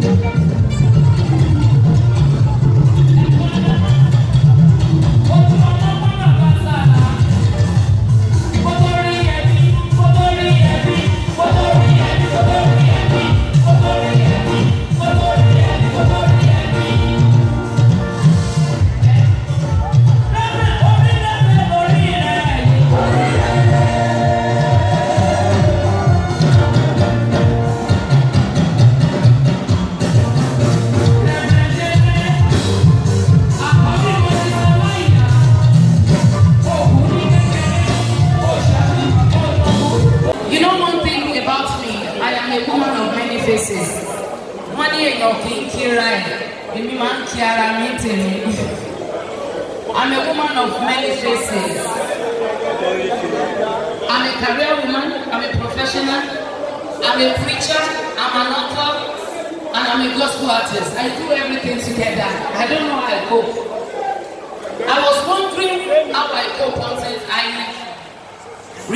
Thank you. am a woman of many faces wọ́n ní èèyàn kì í kíra ẹ̀ èmi máa ń kí ara mi tèmi I'm a woman of many faces I'm a career woman I'm a professional I'm a preacher I'm an author and I'm a gospel artist I do everything together I don't know how I cope I was wondering how I cope until I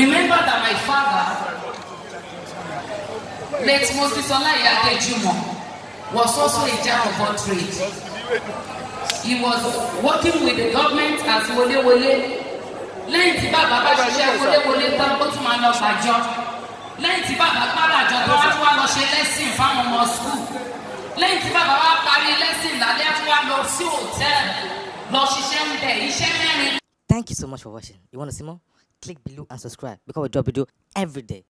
remember that my father. Let Late Mosisola Iyadejumo was also a jack of all trades. He was working with the government as Wolewole. Lẹ́yìn tí bàbá bá ṣiṣẹ́ Wolewole tán, ó tún máa lọ gbàjọ. Lẹ́yìn tí bàbá pàrọ̀ àjọ tó wá tún wá lọ ṣe lẹ́sìn fáwọn ọmọ skul. Lẹ́yìn tí bàbá wá parí lẹ́sìn lálẹ́ tún wá lọ sí hòtẹ́ẹ̀lì lọ ṣiṣẹ́ ń bẹ̀ iṣẹ́ mẹ́rin. Thank you so much for watching. You wanna see more? Click below and subscribe because we drop video every day.